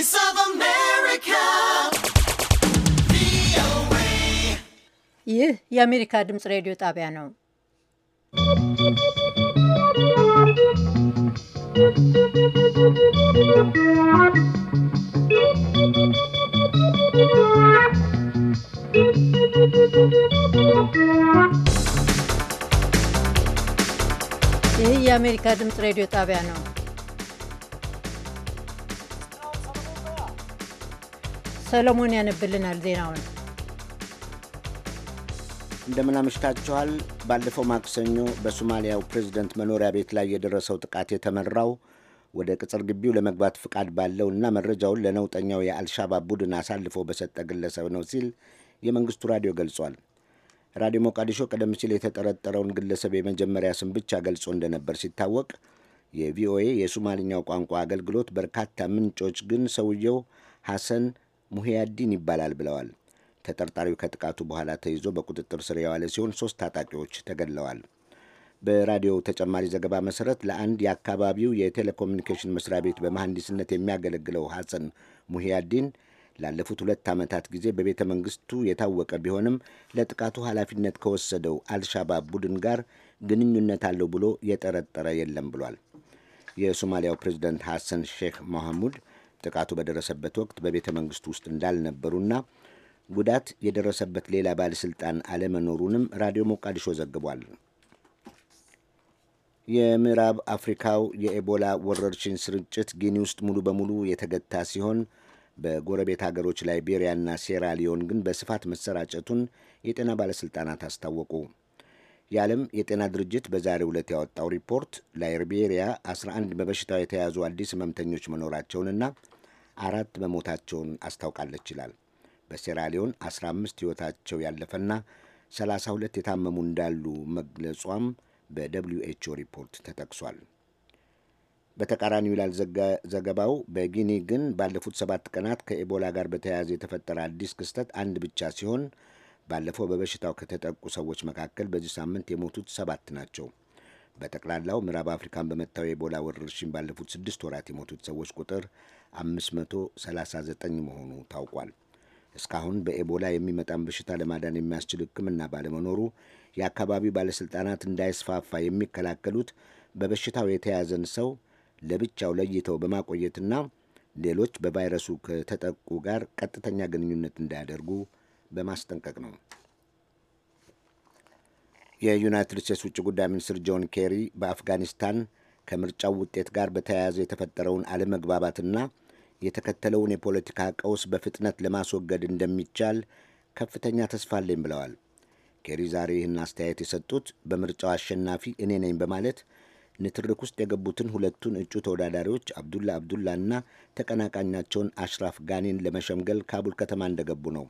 Voice of America. ይህ የአሜሪካ ድምፅ ሬዲዮ ጣቢያ ነው። ይህ የአሜሪካ ድምፅ ሬዲዮ ጣቢያ ነው። ሰለሞን ያነብልናል ዜናውን። እንደምን ባለፈው ማክሰኞ በሶማሊያው ፕሬዝደንት መኖሪያ ቤት ላይ የደረሰው ጥቃት የተመራው ወደ ቅጽር ግቢው ለመግባት ፍቃድ ባለው እና መረጃውን ለነውጠኛው የአልሻባብ ቡድን አሳልፎ በሰጠ ግለሰብ ነው ሲል የመንግስቱ ራዲዮ ገልጿል። ራዲዮ ሞቃዲሾ ቀደም ሲል የተጠረጠረውን ግለሰብ የመጀመሪያ ስም ብቻ ገልጾ እንደነበር ሲታወቅ፣ የቪኦኤ የሶማልኛው ቋንቋ አገልግሎት በርካታ ምንጮች ግን ሰውየው ሐሰን ሙሂያዲን ይባላል ብለዋል። ተጠርጣሪው ከጥቃቱ በኋላ ተይዞ በቁጥጥር ስር የዋለ ሲሆን ሶስት ታጣቂዎች ተገድለዋል። በራዲዮው ተጨማሪ ዘገባ መሰረት ለአንድ የአካባቢው የቴሌኮሙኒኬሽን መስሪያ ቤት በመሐንዲስነት የሚያገለግለው ሐሰን ሙሂያዲን ላለፉት ሁለት ዓመታት ጊዜ በቤተ መንግስቱ የታወቀ ቢሆንም ለጥቃቱ ኃላፊነት ከወሰደው አልሻባብ ቡድን ጋር ግንኙነት አለው ብሎ የጠረጠረ የለም ብሏል። የሶማሊያው ፕሬዚደንት ሐሰን ሼክ መሐሙድ ጥቃቱ በደረሰበት ወቅት በቤተ መንግስቱ ውስጥ እንዳልነበሩና ጉዳት የደረሰበት ሌላ ባለስልጣን አለመኖሩንም ራዲዮ ሞቃዲሾ ዘግቧል። የምዕራብ አፍሪካው የኤቦላ ወረርሽኝ ስርጭት ጊኒ ውስጥ ሙሉ በሙሉ የተገታ ሲሆን በጎረቤት ሀገሮች ላይቤሪያና ሊዮን ግን በስፋት መሰራጨቱን የጤና ባለሥልጣናት አስታወቁ። የዓለም የጤና ድርጅት በዛሬው ዕለት ያወጣው ሪፖርት ላይቤሪያ 11 በበሽታው የተያዙ አዲስ ህመምተኞች መኖራቸውንና አራት መሞታቸውን አስታውቃለች ይላል። በሴራሊዮን 15 ሕይወታቸው ያለፈና 32 የታመሙ እንዳሉ መግለጿም በደብሊው ኤችኦ ሪፖርት ተጠቅሷል። በተቃራኒው ይላል ዘገባው፣ በጊኒ ግን ባለፉት ሰባት ቀናት ከኤቦላ ጋር በተያያዘ የተፈጠረ አዲስ ክስተት አንድ ብቻ ሲሆን ባለፈው በበሽታው ከተጠቁ ሰዎች መካከል በዚህ ሳምንት የሞቱት ሰባት ናቸው። በጠቅላላው ምዕራብ አፍሪካን በመታው የኤቦላ ወረርሽኝ ባለፉት ስድስት ወራት የሞቱት ሰዎች ቁጥር 539 መሆኑ ታውቋል። እስካሁን በኤቦላ የሚመጣን በሽታ ለማዳን የሚያስችል ሕክምና ባለመኖሩ የአካባቢው ባለሥልጣናት እንዳይስፋፋ የሚከላከሉት በበሽታው የተያዘን ሰው ለብቻው ለይተው በማቆየትና ሌሎች በቫይረሱ ከተጠቁ ጋር ቀጥተኛ ግንኙነት እንዳያደርጉ በማስጠንቀቅ ነው። የዩናይትድ ስቴትስ ውጭ ጉዳይ ሚኒስትር ጆን ኬሪ በአፍጋኒስታን ከምርጫው ውጤት ጋር በተያያዘ የተፈጠረውን አለመግባባትና የተከተለውን የፖለቲካ ቀውስ በፍጥነት ለማስወገድ እንደሚቻል ከፍተኛ ተስፋ አለኝ ብለዋል። ኬሪ ዛሬ ይህን አስተያየት የሰጡት በምርጫው አሸናፊ እኔ ነኝ በማለት ንትርክ ውስጥ የገቡትን ሁለቱን እጩ ተወዳዳሪዎች አብዱላ አብዱላና ተቀናቃኛቸውን አሽራፍ ጋኒን ለመሸምገል ካቡል ከተማ እንደገቡ ነው።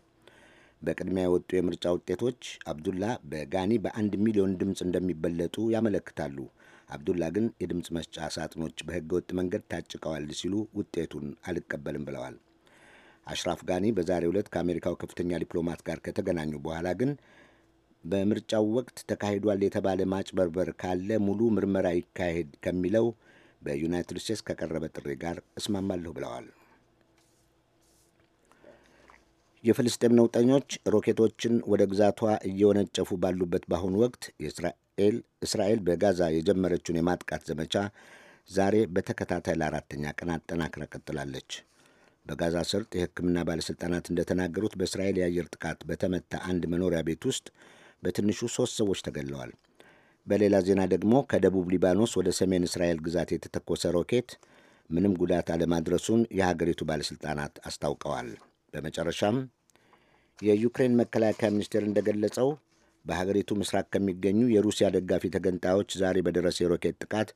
በቅድሚያ የወጡ የምርጫ ውጤቶች አብዱላ በጋኒ በአንድ ሚሊዮን ድምፅ እንደሚበለጡ ያመለክታሉ። አብዱላ ግን የድምፅ መስጫ ሳጥኖች ወጥ መንገድ ታጭቀዋል ሲሉ ውጤቱን አልቀበልም ብለዋል። አሽራፍ ጋኒ በዛሬ ዕለት ከአሜሪካው ከፍተኛ ዲፕሎማት ጋር ከተገናኙ በኋላ ግን በምርጫው ወቅት ተካሂዷል የተባለ ማጭበርበር ካለ ሙሉ ምርመራ ይካሄድ ከሚለው በዩናይትድ ስቴትስ ከቀረበ ጥሪ ጋር እስማማለሁ ብለዋል። የፍልስጤም ነውጠኞች ሮኬቶችን ወደ ግዛቷ እየወነጨፉ ባሉበት በአሁኑ ወቅት እስራኤል በጋዛ የጀመረችውን የማጥቃት ዘመቻ ዛሬ በተከታታይ ለአራተኛ ቀን አጠናክራ ቀጥላለች። በጋዛ ሰርጥ የሕክምና ባለሥልጣናት እንደተናገሩት በእስራኤል የአየር ጥቃት በተመታ አንድ መኖሪያ ቤት ውስጥ በትንሹ ሦስት ሰዎች ተገድለዋል። በሌላ ዜና ደግሞ ከደቡብ ሊባኖስ ወደ ሰሜን እስራኤል ግዛት የተተኮሰ ሮኬት ምንም ጉዳት አለማድረሱን የሀገሪቱ ባለሥልጣናት አስታውቀዋል። በመጨረሻም የዩክሬን መከላከያ ሚኒስቴር እንደገለጸው በሀገሪቱ ምስራቅ ከሚገኙ የሩሲያ ደጋፊ ተገንጣዮች ዛሬ በደረሰ የሮኬት ጥቃት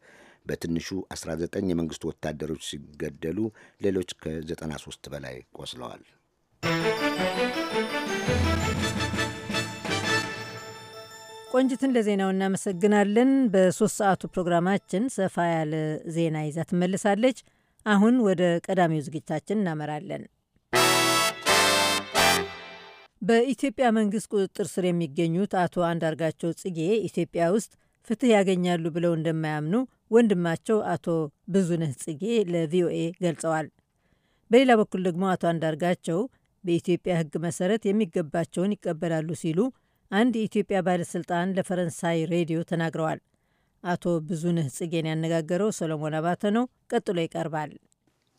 በትንሹ 19 የመንግስቱ ወታደሮች ሲገደሉ ሌሎች ከ93 በላይ ቆስለዋል። ቆንጅትን ለዜናው እናመሰግናለን። በሶስት ሰዓቱ ፕሮግራማችን ሰፋ ያለ ዜና ይዛ ትመልሳለች። አሁን ወደ ቀዳሚው ዝግጅታችን እናመራለን። በኢትዮጵያ መንግስት ቁጥጥር ስር የሚገኙት አቶ አንዳርጋቸው ጽጌ ኢትዮጵያ ውስጥ ፍትህ ያገኛሉ ብለው እንደማያምኑ ወንድማቸው አቶ ብዙነህ ጽጌ ለቪኦኤ ገልጸዋል። በሌላ በኩል ደግሞ አቶ አንዳርጋቸው በኢትዮጵያ ሕግ መሰረት የሚገባቸውን ይቀበላሉ ሲሉ አንድ የኢትዮጵያ ባለሥልጣን ለፈረንሳይ ሬዲዮ ተናግረዋል። አቶ ብዙነህ ጽጌን ያነጋገረው ሰሎሞን አባተ ነው። ቀጥሎ ይቀርባል።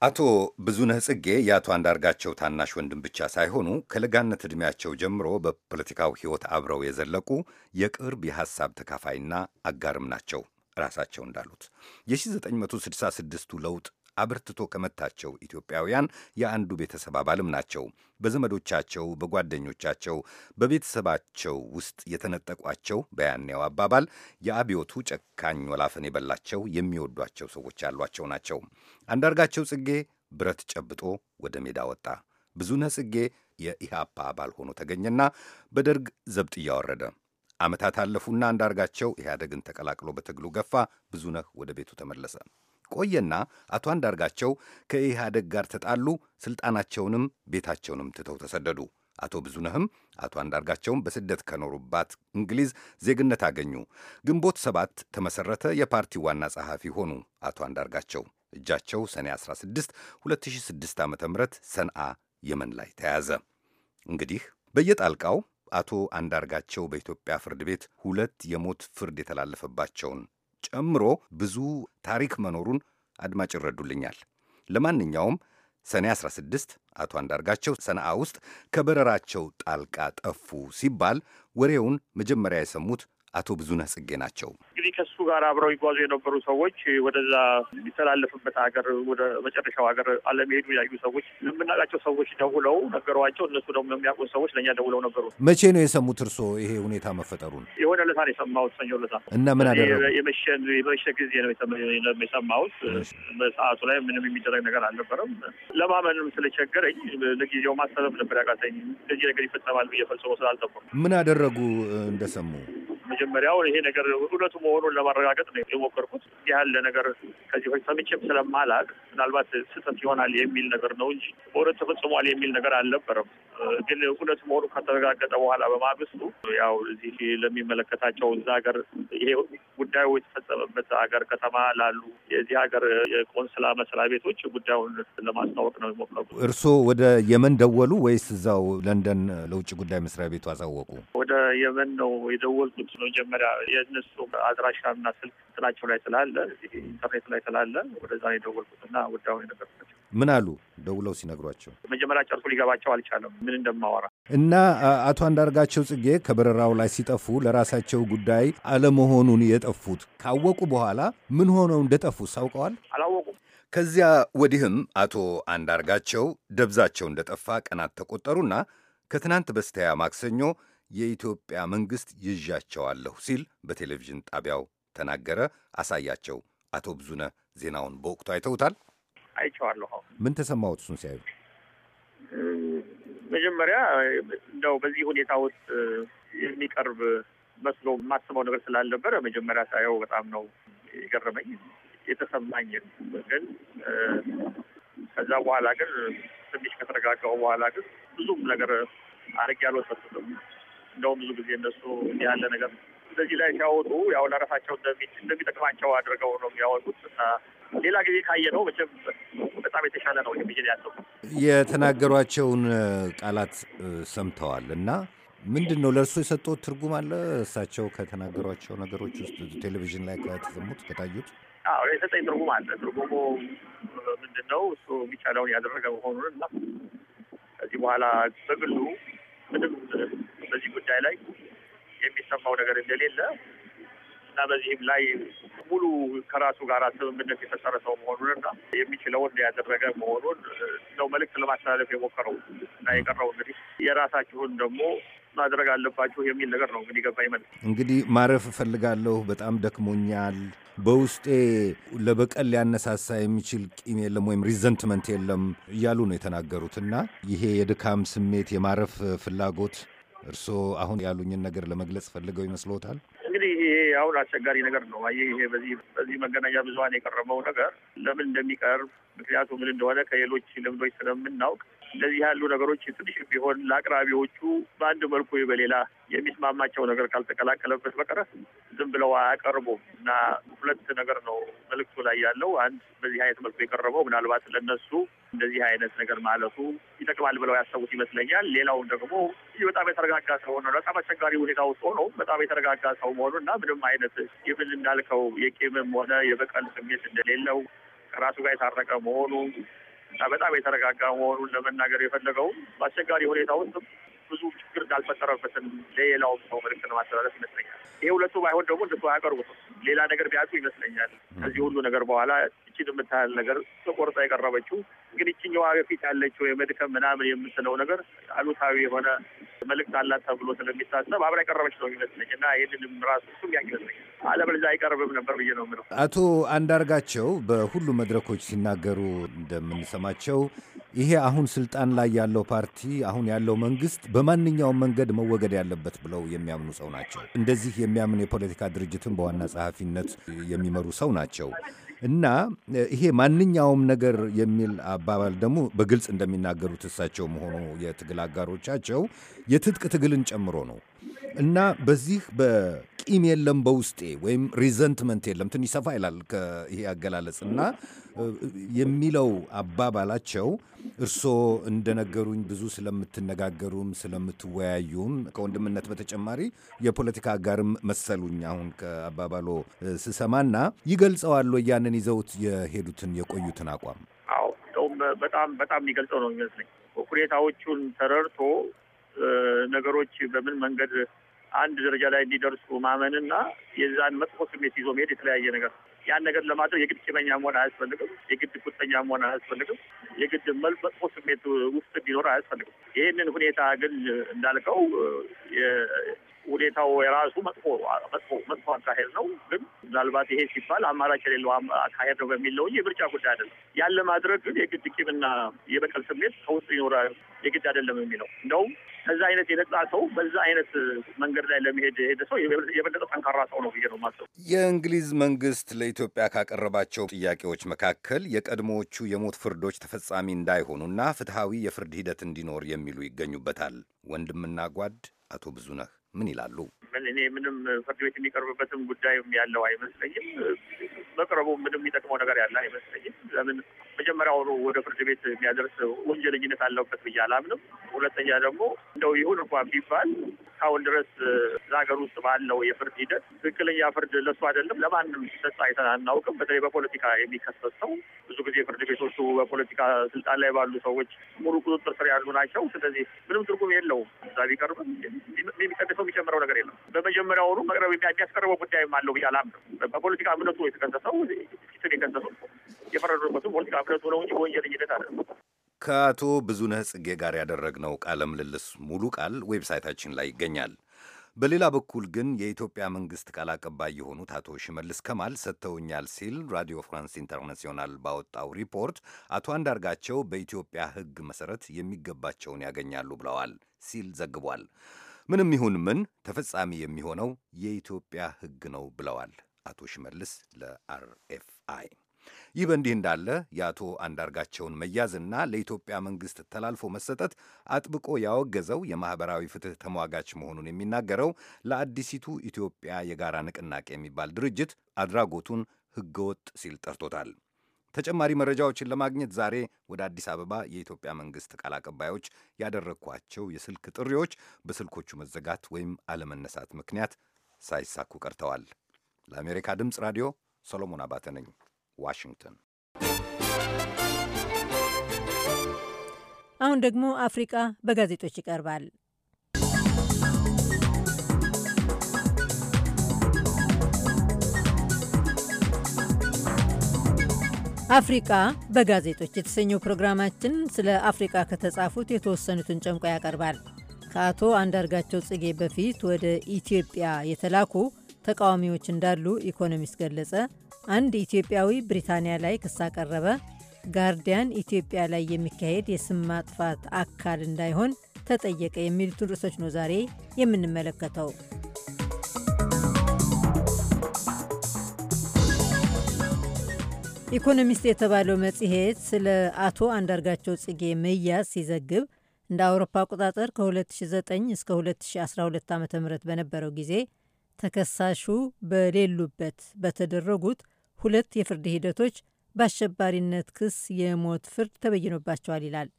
አቶ ብዙነህ ጽጌ የአቶ አንዳርጋቸው ታናሽ ወንድም ብቻ ሳይሆኑ ከለጋነት ዕድሜያቸው ጀምሮ በፖለቲካው ሕይወት አብረው የዘለቁ የቅርብ የሐሳብ ተካፋይና አጋርም ናቸው። ራሳቸው እንዳሉት የ1966ቱ ለውጥ አበርትቶ ከመታቸው ኢትዮጵያውያን የአንዱ ቤተሰብ አባልም ናቸው። በዘመዶቻቸው፣ በጓደኞቻቸው፣ በቤተሰባቸው ውስጥ የተነጠቋቸው በያኔው አባባል የአብዮቱ ጨካኝ ወላፈን የበላቸው የሚወዷቸው ሰዎች ያሏቸው ናቸው። አንዳርጋቸው ጽጌ ብረት ጨብጦ ወደ ሜዳ ወጣ። ብዙነህ ጽጌ የኢህአፓ አባል ሆኖ ተገኘና በደርግ ዘብጥ እያወረደ ዓመታት አለፉና አንዳርጋቸው ኢህአደግን ተቀላቅሎ በትግሉ ገፋ። ብዙነህ ወደ ቤቱ ተመለሰ። ቆየና አቶ አንዳርጋቸው ከኢህአደግ ጋር ተጣሉ፣ ስልጣናቸውንም ቤታቸውንም ትተው ተሰደዱ። አቶ ብዙነህም አቶ አንዳርጋቸውም በስደት ከኖሩባት እንግሊዝ ዜግነት አገኙ። ግንቦት ሰባት ተመሠረተ። የፓርቲ ዋና ጸሐፊ ሆኑ። አቶ አንዳርጋቸው እጃቸው ሰኔ 16 2006 ዓ ም ሰንአ የመን ላይ ተያዘ። እንግዲህ በየጣልቃው አቶ አንዳርጋቸው በኢትዮጵያ ፍርድ ቤት ሁለት የሞት ፍርድ የተላለፈባቸውን ጨምሮ ብዙ ታሪክ መኖሩን አድማጭ ይረዱልኛል። ለማንኛውም ሰኔ 16 አቶ አንዳርጋቸው ሰነአ ውስጥ ከበረራቸው ጣልቃ ጠፉ ሲባል ወሬውን መጀመሪያ የሰሙት አቶ ብዙነህ ጽጌ ናቸው። እንግዲህ ከሱ ጋር አብረው ይጓዙ የነበሩ ሰዎች ወደዛ የሚተላለፍበት ሀገር ወደ መጨረሻው ሀገር አለመሄዱ ያዩ ሰዎች የምናውቃቸው ሰዎች ደውለው ነገሯቸው። እነሱ ደግሞ የሚያቁ ሰዎች ለእኛ ደውለው ነበሩ። መቼ ነው የሰሙት እርስዎ ይሄ ሁኔታ መፈጠሩን? የሆነ ለታ ነው የሰማሁት፣ ሰኞ ለታ እና ምን አደረ የመሸ ጊዜ ነው የሰማሁት። በሰዓቱ ላይ ምንም የሚደረግ ነገር አልነበረም። ለማመንም ስለቸገረኝ ለጊዜው ማሰበብ ነበር ያቃተኝ። እንደዚህ ነገር ይፈጸማል ብዬ ፈጽሞ ምን አደረጉ እንደሰሙ መጀመሪያው ይሄ ነገር እውነቱ መሆኑን ለማረጋገጥ ነው የሞከርኩት። ያለ ነገር ከዚህ በፊት ሰምቼም ስለማላቅ ምናልባት ስህተት ይሆናል የሚል ነገር ነው እንጂ በእውነት ተፈጽሟል የሚል ነገር አልነበረም። ግን እውነት መሆኑ ከተረጋገጠ በኋላ በማግስቱ ያው እዚህ ለሚመለከታቸው እዛ ሀገር ይሄ ጉዳዩ የተፈጸመበት ሀገር ከተማ ላሉ የዚህ ሀገር የቆንስላ መስሪያ ቤቶች ጉዳዩን ለማስታወቅ ነው የሞከሩ። እርስዎ ወደ የመን ደወሉ ወይስ እዛው ለንደን ለውጭ ጉዳይ መስሪያ ቤቱ አሳወቁ? ወደ የመን ነው የደወልኩት። መጀመሪያ የእነሱ አድራሻና ስልክ ጥላቸው ላይ ስላለ ኢንተርኔት ላይ ስላለ ወደዛ ነው የደወልኩትና ወዲያውኑ የነገርኳቸው። ምን አሉ ደውለው ሲነግሯቸው? መጀመሪያ ጨርሶ ሊገባቸው አልቻለም ምን እንደማወራ እና አቶ አንዳርጋቸው ጽጌ ከበረራው ላይ ሲጠፉ ለራሳቸው ጉዳይ አለመሆኑን የጠፉት ካወቁ በኋላ ምን ሆነው እንደጠፉ ሳውቀዋል አላወቁም። ከዚያ ወዲህም አቶ አንዳርጋቸው ደብዛቸው እንደጠፋ ቀናት ተቆጠሩና ከትናንት በስተያ ማክሰኞ የኢትዮጵያ መንግሥት ይዣቸዋለሁ ሲል በቴሌቪዥን ጣቢያው ተናገረ። አሳያቸው አቶ ብዙነ ዜናውን በወቅቱ አይተውታል? አይቼዋለሁ። ምን ተሰማዎት እሱን ሲያዩ? መጀመሪያ እንደው በዚህ ሁኔታ ውስጥ የሚቀርብ መስሎ የማስበው ነገር ስላልነበረ መጀመሪያ ሳየው በጣም ነው የገረመኝ የተሰማኝ። ግን ከዛ በኋላ ግን ትንሽ ከተረጋጋው በኋላ ግን ብዙም ነገር አድርጌ አልወሰድኩም። እንደውም ብዙ ጊዜ እነሱ ያለ ነገር እንደዚህ ላይ ሲያወጡ ያው ለራሳቸው እንደሚጠቅማቸው አድርገው ነው የሚያወጡት እና ሌላ ጊዜ ካየ ነው መቼም በጣም የተሻለ ነው ብዬ ያለው። የተናገሯቸውን ቃላት ሰምተዋል እና ምንድን ነው ለእርሱ የሰጠው ትርጉም አለ? እሳቸው ከተናገሯቸው ነገሮች ውስጥ ቴሌቪዥን ላይ ከተሰሙት ከታዩት የሰጠኝ ትርጉም አለ። ትርጉሙ ምንድን ነው? እሱ የሚቻለውን ያደረገ መሆኑን እና ከዚህ በኋላ በግሉ ምንም በዚህ ጉዳይ ላይ የሚሰማው ነገር እንደሌለ እና በዚህም ላይ ሙሉ ከራሱ ጋር ስምምነት የፈጠረ ሰው መሆኑንና የሚችለውን ያደረገ መሆኑን ነው መልእክት ለማስተላለፍ የሞከረው እና የቀረው እንግዲህ የራሳችሁን ደግሞ ማድረግ አለባችሁ የሚል ነገር ነው እንግዲህ ገባ ይመል እንግዲህ ማረፍ እፈልጋለሁ፣ በጣም ደክሞኛል፣ በውስጤ ለበቀል ሊያነሳሳ የሚችል ቂም የለም ወይም ሪዘንትመንት የለም እያሉ ነው የተናገሩት እና ይሄ የድካም ስሜት የማረፍ ፍላጎት እርስዎ አሁን ያሉኝን ነገር ለመግለጽ ፈልገው ይመስልዎታል? እንግዲህ ይሄ አሁን አስቸጋሪ ነገር ነው። አየህ ይሄ በዚህ በዚህ መገናኛ ብዙኃን የቀረበው ነገር ለምን እንደሚቀርብ ምክንያቱ ምን እንደሆነ ከሌሎች ልምዶች ስለምናውቅ እንደዚህ ያሉ ነገሮች ትንሽ ቢሆን ለአቅራቢዎቹ በአንድ መልኩ በሌላ የሚስማማቸው ነገር ካልተቀላቀለበት በቀረ ዝም ብለው አያቀርቡም እና ሁለት ነገር ነው መልእክቱ ላይ ያለው። አንድ በዚህ አይነት መልኩ የቀረበው ምናልባት ለነሱ እንደዚህ አይነት ነገር ማለቱ ይጠቅማል ብለው ያሰቡት ይመስለኛል። ሌላውን ደግሞ በጣም የተረጋጋ ሰው ነው፣ በጣም አስቸጋሪ ሁኔታ ውስጥ ሆኖ በጣም የተረጋጋ ሰው መሆኑ እና ምንም አይነት የምን እንዳልከው የቂምም ሆነ የበቀል ስሜት እንደሌለው ከራሱ ጋር የታረቀ መሆኑ በጣም የተረጋጋ መሆኑን ለመናገር የፈለገው በአስቸጋሪ ሁኔታ ውስጥ ብዙ ችግር እንዳልፈጠረበትን ለሌላውም ሰው መልዕክት ለማስተላለፍ ይመስለኛል። ይሄ ሁለቱ ባይሆን ደግሞ እንደሱ አያቀርቡትም። ሌላ ነገር ቢያጡ ይመስለኛል። ከዚህ ሁሉ ነገር በኋላ እችን የምታህል ነገር ተቆርጣ የቀረበችው ግን እችኛዋ በፊት ያለችው የመድከም ምናምን የምትለው ነገር አሉታዊ የሆነ መልእክት አላት ተብሎ ስለሚታሰብ አብረ የቀረበች ነው የሚመስለኝ እና ይህንንም ራሱ እሱም ያ አለበለዚያ አይቀርብም ነበር ብዬ ነው የምለው። አቶ አንዳርጋቸው በሁሉ መድረኮች ሲናገሩ እንደምንሰማቸው ይሄ አሁን ስልጣን ላይ ያለው ፓርቲ አሁን ያለው መንግስት በማንኛውም መንገድ መወገድ ያለበት ብለው የሚያምኑ ሰው ናቸው። እንደዚህ የሚያምን የፖለቲካ ድርጅትን በዋና ጸሐፊነት የሚመሩ ሰው ናቸው። እና ይሄ ማንኛውም ነገር የሚል አባባል ደግሞ በግልጽ እንደሚናገሩት እሳቸው መሆኑ የትግል አጋሮቻቸው የትጥቅ ትግልን ጨምሮ ነው እና በዚህ ቂም የለም በውስጤ ወይም ሪዘንትመንት የለም ትንሽ ሰፋ ይላል ይሄ አገላለጽ እና የሚለው አባባላቸው እርስዎ እንደነገሩኝ ብዙ ስለምትነጋገሩም ስለምትወያዩም ከወንድምነት በተጨማሪ የፖለቲካ አጋርም መሰሉኝ አሁን ከአባባሎ ስሰማና ይገልጸዋሉ ያንን ይዘውት የሄዱትን የቆዩትን አቋም አዎ እንደውም በጣም በጣም የሚገልጸው ነው የሚመስለኝ ሁኔታዎቹን ተረድቶ ነገሮች በምን መንገድ አንድ ደረጃ ላይ እንዲደርሱ ማመንና የዛን መጥፎ ስሜት ይዞ መሄድ የተለያየ ነገር ያን ነገር ለማድረግ የግድ ጭበኛ መሆን አያስፈልግም። የግድ ቁጠኛ መሆን አያስፈልግም። የግድ መጥፎ ስሜት ውስጥ እንዲኖር አያስፈልግም። ይህንን ሁኔታ ግን እንዳልከው ሁኔታው የራሱ መጥፎ መጥፎ መጥፎ አካሄድ ነው። ግን ምናልባት ይሄ ሲባል አማራጭ የሌለው አካሄድ ነው በሚለው ነው እንጂ የምርጫ ጉዳይ አይደለም። ያለ ማድረግ ግን የግድ ቂምና የበቀል ስሜት ከውስጥ ይኖረ የግድ አይደለም የሚለው እንደውም ከዛ አይነት የነጻ ሰው በዛ አይነት መንገድ ላይ ለመሄድ ሄደ ሰው የበለጠ ጠንካራ ሰው ነው ብዬ ነው ማሰብ። የእንግሊዝ መንግስት ለኢትዮጵያ ካቀረባቸው ጥያቄዎች መካከል የቀድሞዎቹ የሞት ፍርዶች ተፈጻሚ እንዳይሆኑና ፍትሐዊ የፍርድ ሂደት እንዲኖር የሚሉ ይገኙበታል። ወንድምና ጓድ አቶ ብዙ ነህ ምን ይላሉ? እኔ ምንም ፍርድ ቤት የሚቀርብበትም ጉዳይም ያለው አይመስለኝም። በቅርቡ ምንም የሚጠቅመው ነገር ያለ አይመስለኝም። ለምን መጀመሪያውኑ ወደ ፍርድ ቤት የሚያደርስ ወንጀለኝነት አለበት ብዬ አላምንም። ሁለተኛ ደግሞ እንደው ይሁን እንኳን ቢባል እስካሁን ድረስ ለሀገር ውስጥ ባለው የፍርድ ሂደት ትክክለኛ ፍርድ ለሱ አይደለም ለማንም ሰጥ አይተን አናውቅም። በተለይ በፖለቲካ የሚከሰት ሰው ብዙ ጊዜ ፍርድ ቤቶቹ በፖለቲካ ስልጣን ላይ ባሉ ሰዎች ሙሉ ቁጥጥር ስር ያሉ ናቸው። ስለዚህ ምንም ትርጉም የለውም። እዛ ቢቀርብም የሚቀንሰው የሚጨምረው ነገር የለም። ወሩ መቅረብ የሚያስቀርበው ጉዳይም አለው ብዬ አላምንም። በፖለቲካ እምነቱ የተከሰሰው ፊትን የከሰሱት ፖለቲካ እምነቱ ነው እንጂ በወንጀለኝነት አለ። ከአቶ ብዙነህ ጽጌ ጋር ያደረግነው ቃለ ምልልስ ሙሉ ቃል ዌብሳይታችን ላይ ይገኛል። በሌላ በኩል ግን የኢትዮጵያ መንግስት ቃል አቀባይ የሆኑት አቶ ሽመልስ ከማል ሰጥተውኛል ሲል ራዲዮ ፍራንስ ኢንተርናሲዮናል ባወጣው ሪፖርት አቶ አንዳርጋቸው በኢትዮጵያ ሕግ መሰረት የሚገባቸውን ያገኛሉ ብለዋል ሲል ዘግቧል። ምንም ይሁን ምን ተፈጻሚ የሚሆነው የኢትዮጵያ ሕግ ነው ብለዋል አቶ ሽመልስ ለአርኤፍአይ። ይህ በእንዲህ እንዳለ የአቶ አንዳርጋቸውን መያዝና ለኢትዮጵያ መንግሥት ተላልፎ መሰጠት አጥብቆ ያወገዘው የማኅበራዊ ፍትሕ ተሟጋች መሆኑን የሚናገረው ለአዲሲቱ ኢትዮጵያ የጋራ ንቅናቄ የሚባል ድርጅት አድራጎቱን ሕገወጥ ሲል ጠርቶታል። ተጨማሪ መረጃዎችን ለማግኘት ዛሬ ወደ አዲስ አበባ የኢትዮጵያ መንግስት ቃል አቀባዮች ያደረግኳቸው የስልክ ጥሪዎች በስልኮቹ መዘጋት ወይም አለመነሳት ምክንያት ሳይሳኩ ቀርተዋል። ለአሜሪካ ድምፅ ራዲዮ ሰሎሞን አባተ ነኝ፣ ዋሽንግተን። አሁን ደግሞ አፍሪቃ በጋዜጦች ይቀርባል። አፍሪቃ በጋዜጦች የተሰኘው ፕሮግራማችን ስለ አፍሪቃ ከተጻፉት የተወሰኑትን ጨምቆ ያቀርባል። ከአቶ አንዳርጋቸው ጽጌ በፊት ወደ ኢትዮጵያ የተላኩ ተቃዋሚዎች እንዳሉ ኢኮኖሚስት ገለጸ፣ አንድ ኢትዮጵያዊ ብሪታንያ ላይ ክስ አቀረበ፣ ጋርዲያን ኢትዮጵያ ላይ የሚካሄድ የስም ማጥፋት አካል እንዳይሆን ተጠየቀ የሚሉትን ርዕሶች ነው ዛሬ የምንመለከተው። ኢኮኖሚስት የተባለው መጽሔት ስለ አቶ አንዳርጋቸው ጽጌ መያዝ ሲዘግብ እንደ አውሮፓ አቆጣጠር ከ2009 እስከ 2012 ዓ ም በነበረው ጊዜ ተከሳሹ በሌሉበት በተደረጉት ሁለት የፍርድ ሂደቶች በአሸባሪነት ክስ የሞት ፍርድ ተበይኖባቸዋል ይላል።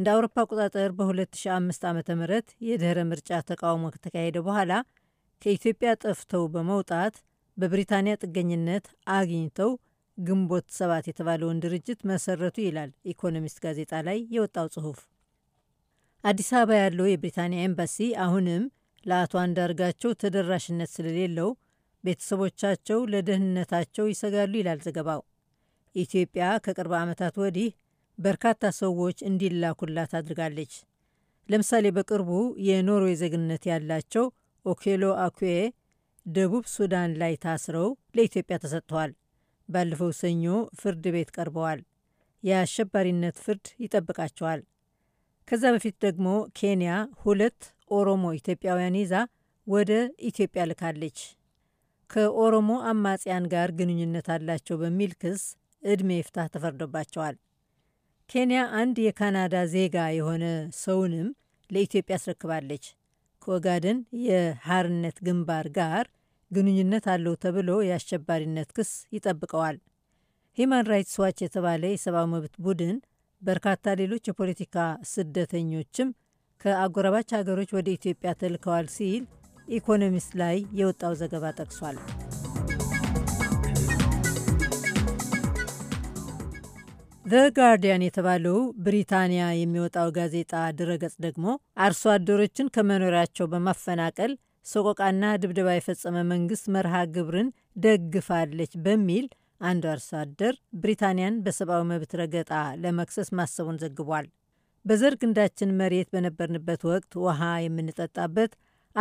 እንደ አውሮፓ አቆጣጠር በ2005 ዓ ም የድኅረ ምርጫ ተቃውሞ ከተካሄደ በኋላ ከኢትዮጵያ ጠፍተው በመውጣት በብሪታንያ ጥገኝነት አግኝተው ግንቦት ሰባት የተባለውን ድርጅት መሰረቱ ይላል ኢኮኖሚስት ጋዜጣ ላይ የወጣው ጽሑፍ። አዲስ አበባ ያለው የብሪታንያ ኤምባሲ አሁንም ለአቶ አንዳርጋቸው ተደራሽነት ስለሌለው ቤተሰቦቻቸው ለደህንነታቸው ይሰጋሉ ይላል ዘገባው። ኢትዮጵያ ከቅርብ ዓመታት ወዲህ በርካታ ሰዎች እንዲላኩላት አድርጋለች። ለምሳሌ በቅርቡ የኖርዌይ ዜግነት ያላቸው ኦኬሎ አኩዌ ደቡብ ሱዳን ላይ ታስረው ለኢትዮጵያ ተሰጥተዋል። ባለፈው ሰኞ ፍርድ ቤት ቀርበዋል። የአሸባሪነት ፍርድ ይጠብቃቸዋል። ከዛ በፊት ደግሞ ኬንያ ሁለት ኦሮሞ ኢትዮጵያውያን ይዛ ወደ ኢትዮጵያ ልካለች። ከኦሮሞ አማጽያን ጋር ግንኙነት አላቸው በሚል ክስ ዕድሜ ይፍታህ ተፈርዶባቸዋል። ኬንያ አንድ የካናዳ ዜጋ የሆነ ሰውንም ለኢትዮጵያ አስረክባለች። ከኦጋደን የሐርነት ግንባር ጋር ግንኙነት አለው ተብሎ የአሸባሪነት ክስ ይጠብቀዋል። ሂማን ራይትስ ዋች የተባለ የሰብአዊ መብት ቡድን በርካታ ሌሎች የፖለቲካ ስደተኞችም ከአጎራባች ሀገሮች ወደ ኢትዮጵያ ተልከዋል ሲል ኢኮኖሚስት ላይ የወጣው ዘገባ ጠቅሷል። ዘ ጋርዲያን የተባለው ብሪታንያ የሚወጣው ጋዜጣ ድረገጽ ደግሞ አርሶ አደሮችን ከመኖሪያቸው በማፈናቀል ሰቆቃና ድብደባ የፈጸመ መንግስት መርሃ ግብርን ደግፋለች በሚል አንዱ አርሶ አደር ብሪታንያን በሰብአዊ መብት ረገጣ ለመክሰስ ማሰቡን ዘግቧል። በዘር ግንዳችን መሬት በነበርንበት ወቅት ውሃ የምንጠጣበት፣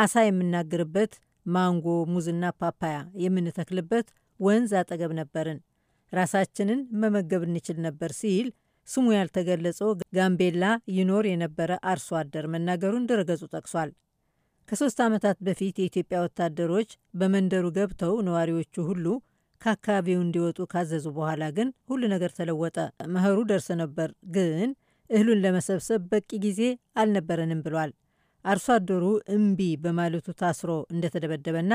አሳ የምናግርበት፣ ማንጎ ሙዝና ፓፓያ የምንተክልበት ወንዝ አጠገብ ነበርን። ራሳችንን መመገብ እንችል ነበር ሲል ስሙ ያልተገለጸው ጋምቤላ ይኖር የነበረ አርሶ አደር መናገሩን ድረገጹ ጠቅሷል። ከሶስት ዓመታት በፊት የኢትዮጵያ ወታደሮች በመንደሩ ገብተው ነዋሪዎቹ ሁሉ ከአካባቢው እንዲወጡ ካዘዙ በኋላ ግን ሁሉ ነገር ተለወጠ። መኸሩ ደርሰ ነበር፣ ግን እህሉን ለመሰብሰብ በቂ ጊዜ አልነበረንም ብሏል። አርሶ አደሩ እምቢ በማለቱ ታስሮ እንደተደበደበና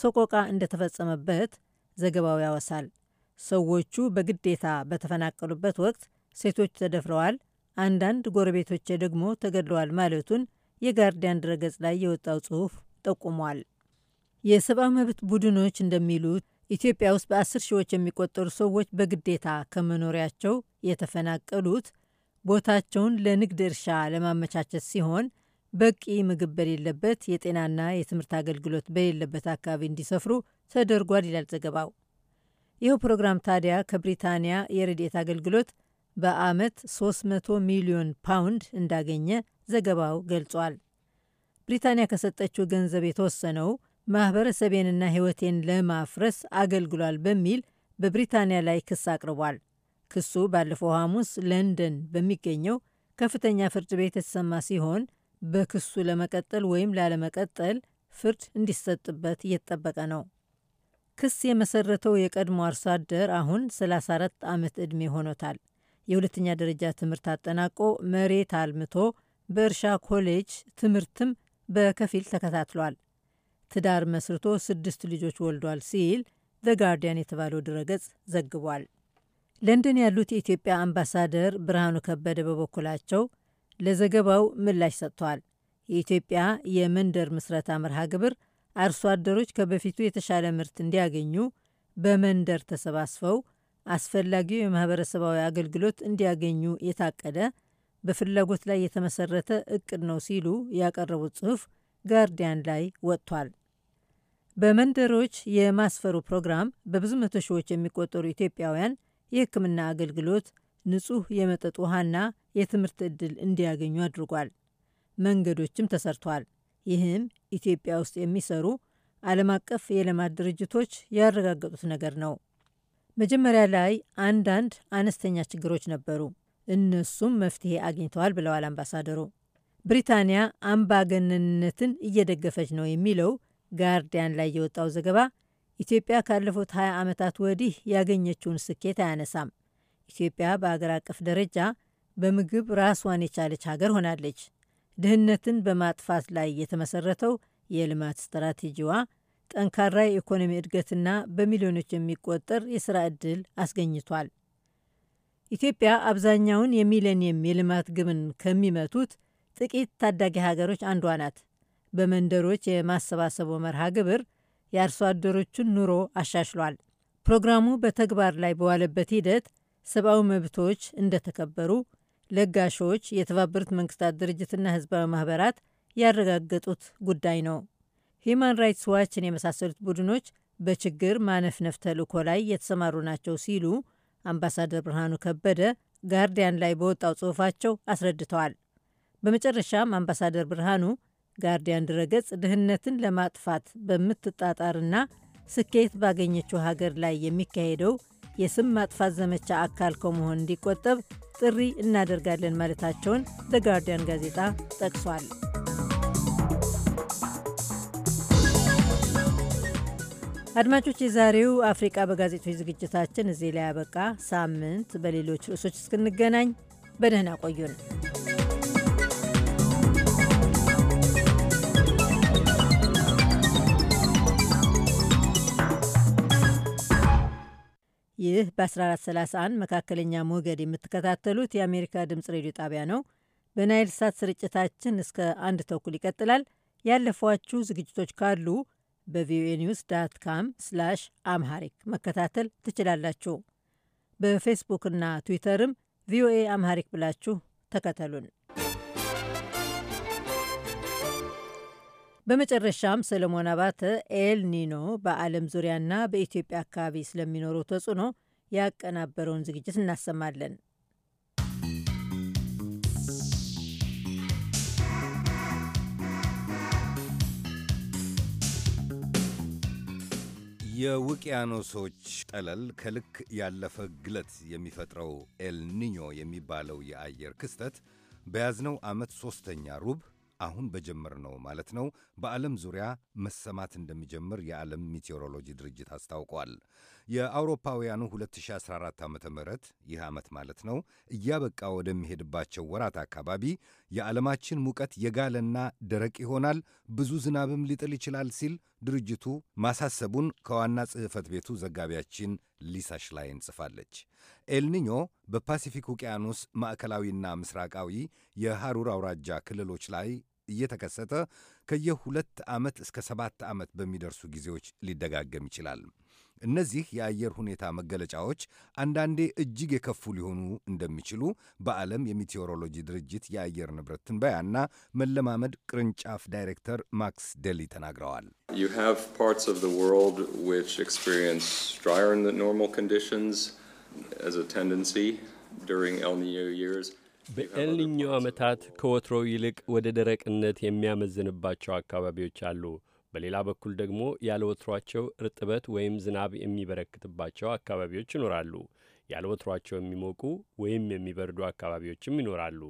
ሰቆቃ እንደተፈጸመበት ዘገባው ያወሳል። ሰዎቹ በግዴታ በተፈናቀሉበት ወቅት ሴቶች ተደፍረዋል፣ አንዳንድ ጎረቤቶቼ ደግሞ ተገድለዋል ማለቱን የጋርዲያን ድረገጽ ላይ የወጣው ጽሑፍ ጠቁሟል። የሰብአዊ መብት ቡድኖች እንደሚሉት ኢትዮጵያ ውስጥ በአስር ሺዎች የሚቆጠሩ ሰዎች በግዴታ ከመኖሪያቸው የተፈናቀሉት ቦታቸውን ለንግድ እርሻ ለማመቻቸት ሲሆን በቂ ምግብ በሌለበት የጤናና የትምህርት አገልግሎት በሌለበት አካባቢ እንዲሰፍሩ ተደርጓል ይላል ዘገባው። ይህ ፕሮግራም ታዲያ ከብሪታንያ የረድኤት አገልግሎት በዓመት 300 ሚሊዮን ፓውንድ እንዳገኘ ዘገባው ገልጿል። ብሪታንያ ከሰጠችው ገንዘብ የተወሰነው ማኅበረሰቤንና ሕይወቴን ለማፍረስ አገልግሏል በሚል በብሪታንያ ላይ ክስ አቅርቧል። ክሱ ባለፈው ሐሙስ ለንደን በሚገኘው ከፍተኛ ፍርድ ቤት የተሰማ ሲሆን በክሱ ለመቀጠል ወይም ላለመቀጠል ፍርድ እንዲሰጥበት እየተጠበቀ ነው። ክስ የመሰረተው የቀድሞ አርሶ አደር አሁን 34 ዓመት ዕድሜ ሆኖታል። የሁለተኛ ደረጃ ትምህርት አጠናቆ መሬት አልምቶ በእርሻ ኮሌጅ ትምህርትም በከፊል ተከታትሏል። ትዳር መስርቶ ስድስት ልጆች ወልዷል ሲል ዘ ጋርዲያን የተባለው ድረገጽ ዘግቧል። ለንደን ያሉት የኢትዮጵያ አምባሳደር ብርሃኑ ከበደ በበኩላቸው ለዘገባው ምላሽ ሰጥተዋል። የኢትዮጵያ የመንደር ምስረታ መርሃ ግብር አርሶ አደሮች ከበፊቱ የተሻለ ምርት እንዲያገኙ በመንደር ተሰባስበው አስፈላጊው የማህበረሰባዊ አገልግሎት እንዲያገኙ የታቀደ በፍላጎት ላይ የተመሰረተ እቅድ ነው ሲሉ ያቀረቡት ጽሑፍ ጋርዲያን ላይ ወጥቷል። በመንደሮች የማስፈሩ ፕሮግራም በብዙ መቶ ሺዎች የሚቆጠሩ ኢትዮጵያውያን የሕክምና አገልግሎት፣ ንጹህ የመጠጥ ውሃና የትምህርት ዕድል እንዲያገኙ አድርጓል። መንገዶችም ተሰርቷል። ይህም ኢትዮጵያ ውስጥ የሚሰሩ ዓለም አቀፍ የልማት ድርጅቶች ያረጋገጡት ነገር ነው። መጀመሪያ ላይ አንዳንድ አነስተኛ ችግሮች ነበሩ። እነሱም መፍትሄ አግኝተዋል ብለዋል አምባሳደሩ። ብሪታንያ አምባገነንነትን እየደገፈች ነው የሚለው ጋርዲያን ላይ የወጣው ዘገባ ኢትዮጵያ ካለፉት 20 ዓመታት ወዲህ ያገኘችውን ስኬት አያነሳም። ኢትዮጵያ በአገር አቀፍ ደረጃ በምግብ ራሷን የቻለች ሀገር ሆናለች። ድህነትን በማጥፋት ላይ የተመሰረተው የልማት ስትራቴጂዋ ጠንካራ የኢኮኖሚ እድገትና በሚሊዮኖች የሚቆጠር የሥራ ዕድል አስገኝቷል። ኢትዮጵያ አብዛኛውን የሚሌኒየም የልማት ግብን ከሚመቱት ጥቂት ታዳጊ ሀገሮች አንዷ ናት። በመንደሮች የማሰባሰቡ መርሃ ግብር የአርሶ አደሮችን ኑሮ አሻሽሏል። ፕሮግራሙ በተግባር ላይ በዋለበት ሂደት ሰብአዊ መብቶች እንደተከበሩ ለጋሾች የተባበሩት መንግስታት ድርጅትና ህዝባዊ ማህበራት ያረጋገጡት ጉዳይ ነው። ሂማን ራይትስ ዋችን የመሳሰሉት ቡድኖች በችግር ማነፍነፍ ተልእኮ ላይ የተሰማሩ ናቸው ሲሉ አምባሳደር ብርሃኑ ከበደ ጋርዲያን ላይ በወጣው ጽሑፋቸው አስረድተዋል። በመጨረሻም አምባሳደር ብርሃኑ ጋርዲያን ድረገጽ ድህነትን ለማጥፋት በምትጣጣርና ስኬት ባገኘችው ሀገር ላይ የሚካሄደው የስም ማጥፋት ዘመቻ አካል ከመሆን እንዲቆጠብ ጥሪ እናደርጋለን ማለታቸውን ዘ ጋዜጣ ጠቅሷል። አድማጮች፣ የዛሬው አፍሪቃ በጋዜጦች ዝግጅታችን እዚህ ላይ ያበቃ። ሳምንት በሌሎች ርዕሶች እስክንገናኝ በደህና ቆዩን። ይህ በ1431 መካከለኛ ሞገድ የምትከታተሉት የአሜሪካ ድምፅ ሬዲዮ ጣቢያ ነው። በናይል ሳት ስርጭታችን እስከ አንድ ተኩል ይቀጥላል። ያለፏችሁ ዝግጅቶች ካሉ በቪኦኤ ኒውስ ዳት ካም ስላሽ አምሃሪክ መከታተል ትችላላችሁ። በፌስቡክና ትዊተርም ቪኦኤ አምሃሪክ ብላችሁ ተከተሉን። በመጨረሻም ሰለሞን አባተ ኤል ኒኖ በዓለም ዙሪያና በኢትዮጵያ አካባቢ ስለሚኖረው ተጽዕኖ ያቀናበረውን ዝግጅት እናሰማለን። የውቅያኖሶች ጠለል ከልክ ያለፈ ግለት የሚፈጥረው ኤልኒኞ የሚባለው የአየር ክስተት በያዝነው ዓመት ሦስተኛ ሩብ አሁን በጀመርነው ማለት ነው በዓለም ዙሪያ መሰማት እንደሚጀምር የዓለም ሚቴዎሮሎጂ ድርጅት አስታውቋል። የአውሮፓውያኑ 2014 ዓ ም ይህ ዓመት ማለት ነው እያበቃ ወደሚሄድባቸው ወራት አካባቢ የዓለማችን ሙቀት የጋለና ደረቅ ይሆናል፣ ብዙ ዝናብም ሊጥል ይችላል ሲል ድርጅቱ ማሳሰቡን ከዋና ጽሕፈት ቤቱ ዘጋቢያችን ሊሳ ሽላይን ጽፋለች። ኤልኒኞ በፓሲፊክ ውቅያኖስ ማዕከላዊና ምስራቃዊ የሐሩር አውራጃ ክልሎች ላይ እየተከሰተ ከየሁለት ዓመት እስከ ሰባት ዓመት በሚደርሱ ጊዜዎች ሊደጋገም ይችላል። እነዚህ የአየር ሁኔታ መገለጫዎች አንዳንዴ እጅግ የከፉ ሊሆኑ እንደሚችሉ በዓለም የሚቴዎሮሎጂ ድርጅት የአየር ንብረት ትንበያና መለማመድ ቅርንጫፍ ዳይሬክተር ማክስ ደሊ ተናግረዋል። በኤልኒኞ ዓመታት ከወትሮው ይልቅ ወደ ደረቅነት የሚያመዝንባቸው አካባቢዎች አሉ። በሌላ በኩል ደግሞ ያለወትሯቸው እርጥበት ወይም ዝናብ የሚበረክትባቸው አካባቢዎች ይኖራሉ። ያለወትሯቸው የሚሞቁ ወይም የሚበርዱ አካባቢዎችም ይኖራሉ።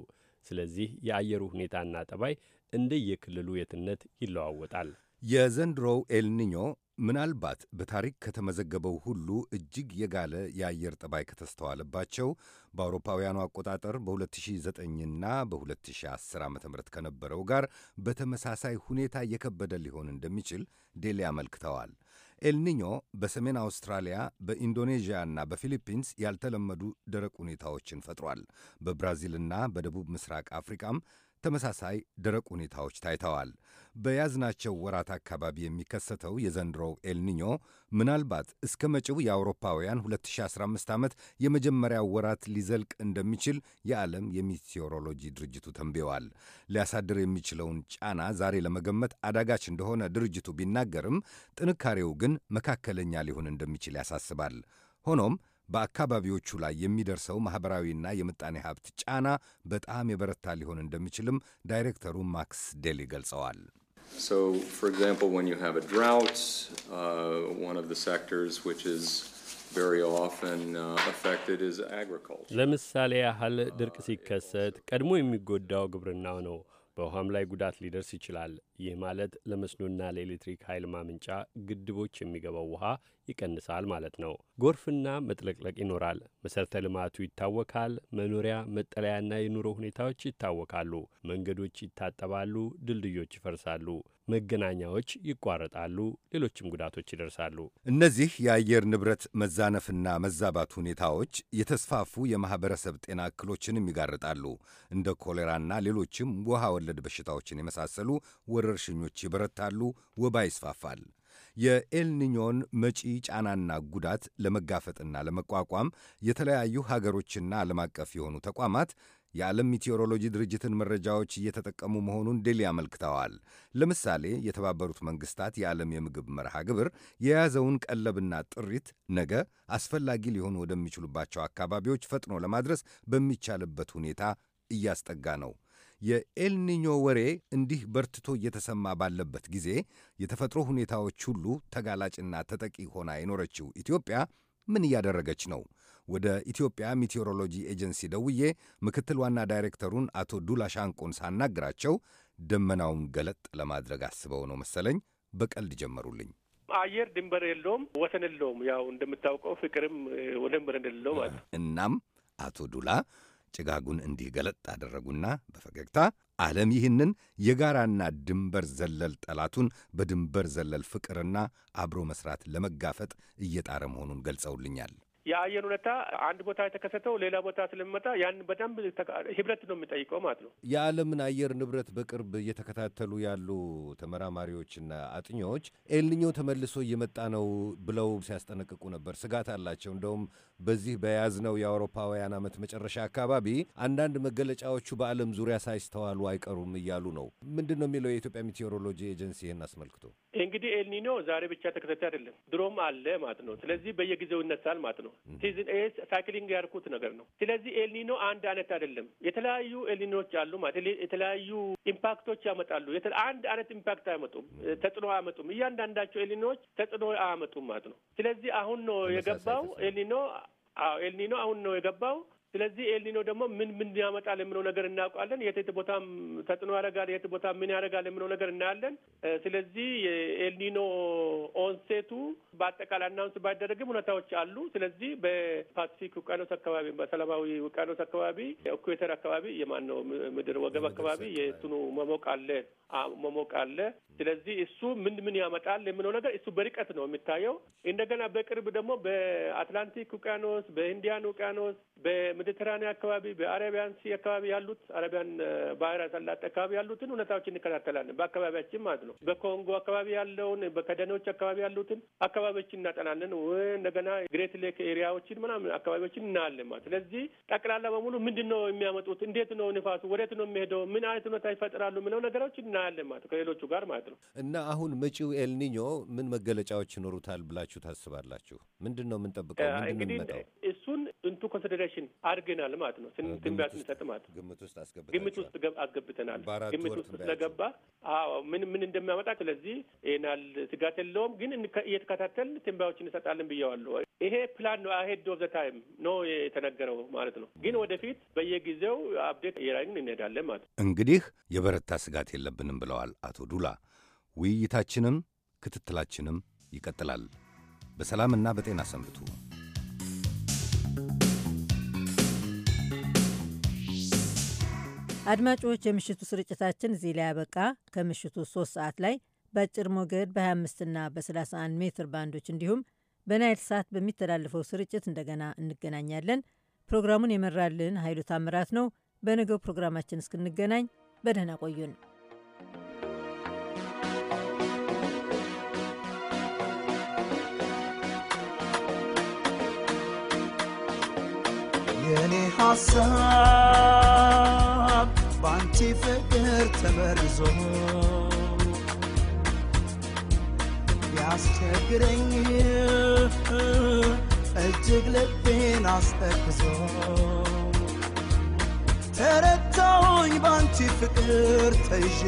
ስለዚህ የአየሩ ሁኔታና ጠባይ እንደየክልሉ የትነት ይለዋወጣል። የዘንድሮው ኤልኒኞ ምናልባት በታሪክ ከተመዘገበው ሁሉ እጅግ የጋለ የአየር ጠባይ ከተስተዋለባቸው በአውሮፓውያኑ አቆጣጠር በ2009ና በ2010 ዓ ም ከነበረው ጋር በተመሳሳይ ሁኔታ የከበደ ሊሆን እንደሚችል ዴሌ አመልክተዋል። ኤልኒኞ በሰሜን አውስትራሊያ በኢንዶኔዥያና በፊሊፒንስ ያልተለመዱ ደረቅ ሁኔታዎችን ፈጥሯል። በብራዚልና በደቡብ ምስራቅ አፍሪካም ተመሳሳይ ደረቅ ሁኔታዎች ታይተዋል። በያዝናቸው ወራት አካባቢ የሚከሰተው የዘንድሮው ኤልኒኞ ምናልባት እስከ መጪው የአውሮፓውያን 2015 ዓመት የመጀመሪያው ወራት ሊዘልቅ እንደሚችል የዓለም የሚቴዎሮሎጂ ድርጅቱ ተንብየዋል። ሊያሳድር የሚችለውን ጫና ዛሬ ለመገመት አዳጋች እንደሆነ ድርጅቱ ቢናገርም ጥንካሬው ግን መካከለኛ ሊሆን እንደሚችል ያሳስባል። ሆኖም በአካባቢዎቹ ላይ የሚደርሰው ማኅበራዊና የምጣኔ ሀብት ጫና በጣም የበረታ ሊሆን እንደሚችልም ዳይሬክተሩ ማክስ ዴሊ ገልጸዋል። So, for example, when you have a drought, uh, one of the sectors which is very often uh, affected is agriculture. ለምሳሌ ያህል ድርቅ ሲከሰት ቀድሞ የሚጎዳው ግብርናው ነው። በውሃም ላይ ጉዳት ሊደርስ ይችላል። ይህ ማለት ለመስኖና ለኤሌክትሪክ ኃይል ማመንጫ ግድቦች የሚገባው ውሃ ይቀንሳል ማለት ነው። ጎርፍና መጥለቅለቅ ይኖራል። መሠረተ ልማቱ ይታወካል። መኖሪያ መጠለያና የኑሮ ሁኔታዎች ይታወካሉ። መንገዶች ይታጠባሉ፣ ድልድዮች ይፈርሳሉ፣ መገናኛዎች ይቋረጣሉ፣ ሌሎችም ጉዳቶች ይደርሳሉ። እነዚህ የአየር ንብረት መዛነፍና መዛባት ሁኔታዎች የተስፋፉ የማኅበረሰብ ጤና እክሎችንም ይጋርጣሉ። እንደ ኮሌራና ሌሎችም ውሃ ወለድ በሽታዎችን የመሳሰሉ ወረ ወረርሽኞች ይበረታሉ፣ ወባ ይስፋፋል። የኤልኒኞን መጪ ጫናና ጉዳት ለመጋፈጥና ለመቋቋም የተለያዩ ሀገሮችና ዓለም አቀፍ የሆኑ ተቋማት የዓለም ሚቴዎሮሎጂ ድርጅትን መረጃዎች እየተጠቀሙ መሆኑን ዴሊ አመልክተዋል። ለምሳሌ የተባበሩት መንግስታት የዓለም የምግብ መርሃ ግብር የያዘውን ቀለብና ጥሪት ነገ አስፈላጊ ሊሆኑ ወደሚችሉባቸው አካባቢዎች ፈጥኖ ለማድረስ በሚቻልበት ሁኔታ እያስጠጋ ነው። የኤልኒኞ ወሬ እንዲህ በርትቶ እየተሰማ ባለበት ጊዜ የተፈጥሮ ሁኔታዎች ሁሉ ተጋላጭና ተጠቂ ሆና የኖረችው ኢትዮጵያ ምን እያደረገች ነው? ወደ ኢትዮጵያ ሚቴዎሮሎጂ ኤጀንሲ ደውዬ ምክትል ዋና ዳይሬክተሩን አቶ ዱላ ሻንቆን ሳናግራቸው ደመናውን ገለጥ ለማድረግ አስበው ነው መሰለኝ በቀልድ ጀመሩልኝ። አየር ድንበር የለውም፣ ወሰን የለውም። ያው እንደምታውቀው ፍቅርም ወደንበር እንደሌለው ማለት እናም አቶ ዱላ ጭጋጉን እንዲህ ገለጥ አደረጉና በፈገግታ ዓለም ይህንን የጋራና ድንበር ዘለል ጠላቱን በድንበር ዘለል ፍቅርና አብሮ መስራት ለመጋፈጥ እየጣረ መሆኑን ገልጸውልኛል። የአየር ሁኔታ አንድ ቦታ የተከሰተው ሌላ ቦታ ስለሚመጣ ያን በደንብ ህብረት ነው የሚጠይቀው ማለት ነው። የዓለምን አየር ንብረት በቅርብ እየተከታተሉ ያሉ ተመራማሪዎችና አጥኚዎች ኤልኒኞ ተመልሶ እየመጣ ነው ብለው ሲያስጠነቅቁ ነበር። ስጋት አላቸው። እንደውም በዚህ በያዝነው የአውሮፓውያን ዓመት መጨረሻ አካባቢ አንዳንድ መገለጫዎቹ በዓለም ዙሪያ ሳይስተዋሉ አይቀሩም እያሉ ነው። ምንድን ነው የሚለው የኢትዮጵያ ሜቴዎሮሎጂ ኤጀንሲ ይህን አስመልክቶ? እንግዲህ ኤልኒኖ ዛሬ ብቻ ተከሰተ አይደለም፣ ድሮም አለ ማለት ነው። ስለዚህ በየጊዜው ይነሳል ማለት ነው። ሲዝን ኤስ ሳይክሊንግ ያርኩት ነገር ነው። ስለዚህ ኤልኒኖ አንድ አይነት አይደለም። የተለያዩ ኤልኒኖች አሉ ማለት የተለያዩ ኢምፓክቶች ያመጣሉ። አንድ አይነት ኢምፓክት አያመጡም፣ ተጽዕኖ አያመጡም። እያንዳንዳቸው ኤልኒኖች ተጽዕኖ አያመጡም ማለት ነው። ስለዚህ አሁን ነው የገባው ኤልኒኖ ኤልኒኖ አሁን ነው የገባው ስለዚህ ኤልኒኖ ደግሞ ምን ምን ያመጣል የምለው ነገር እናውቃለን። የት የት ቦታም ተጽዕኖ ያደርጋል፣ የት ቦታ ምን ያደርጋል የምለው ነገር እናያለን። ስለዚህ የኤልኒኖ ኦንሴቱ በአጠቃላይ አናውንስ ባይደረግም ሁኔታዎች አሉ። ስለዚህ በፓሲፊክ ውቅያኖስ አካባቢ፣ በሰላማዊ ውቅያኖስ አካባቢ፣ ኢኩዌተር አካባቢ የማን ነው ምድር ወገብ አካባቢ የእሱኑ መሞቅ አለ መሞቅ አለ። ስለዚህ እሱ ምን ምን ያመጣል የምለው ነገር እሱ በርቀት ነው የሚታየው። እንደገና በቅርብ ደግሞ በአትላንቲክ ውቅያኖስ፣ በኢንዲያን ውቅያኖስ በሜዲትራኒያ አካባቢ በአረቢያን ሲ አካባቢ ያሉት አረቢያን ባህረ ሰላጤ አካባቢ ያሉትን እውነታዎች እንከታተላለን። በአካባቢያችን ማለት ነው። በኮንጎ አካባቢ ያለውን፣ በከደኖች አካባቢ ያሉትን አካባቢዎችን እናጠናለን። እንደገና ግሬት ሌክ ኤሪያዎችን ምናምን አካባቢዎችን እናያለን ማለት ስለዚህ ጠቅላላ በሙሉ ምንድን ነው የሚያመጡት፣ እንዴት ነው ንፋሱ፣ ወዴት ነው የሚሄደው፣ ምን አይነት ሁኔታ ይፈጥራሉ ምለው ነገሮች እናያለን ማለት ከሌሎቹ ጋር ማለት ነው። እና አሁን መጪው ኤልኒኞ ምን መገለጫዎች ይኖሩታል ብላችሁ ታስባላችሁ? ምንድን ነው የምንጠብቀው? ምንድን ነው የሚመጣው? ኢንቱ ኮንሲደሬሽን አድርገናል ማለት ነው። ትንቢያ ስንሰጥ ማለት ነው። ግምት ውስጥ አስገብተናል። ግምት ውስጥ አስገብተናል። ግምት ውስጥ ስለገባ አዎ፣ ምን ምን እንደሚያመጣ ስለዚህ ይናል ስጋት የለውም። ግን እየተከታተል ትንበያዎች እንሰጣለን ብየዋለሁ። ይሄ ፕላን ነው አሄድ ኦፍ ዘ ታይም ነው የተነገረው ማለት ነው። ግን ወደፊት በየጊዜው አፕዴት የራይን እንሄዳለን ማለት ነው። እንግዲህ የበረታ ስጋት የለብንም ብለዋል አቶ ዱላ። ውይይታችንም ክትትላችንም ይቀጥላል። በሰላምና በጤና ሰንብቱ። አድማጮች፣ የምሽቱ ስርጭታችን እዚህ ላይ ያበቃ። ከምሽቱ ሶስት ሰዓት ላይ በአጭር ሞገድ በ25 እና በ31 ሜትር ባንዶች እንዲሁም በናይል ሳት በሚተላለፈው ስርጭት እንደገና እንገናኛለን። ፕሮግራሙን የመራልን ኃይሉ ታምራት ነው። በነገው ፕሮግራማችን እስክንገናኝ በደህና ቆዩን። የኔ ሀሳብ ፍቅር ተመርዞ ያስቸግረኝ እጅግ ልቤን ባንቺ ፍቅር ተይዤ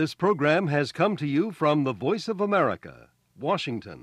This program has come to you from the Voice of America, Washington.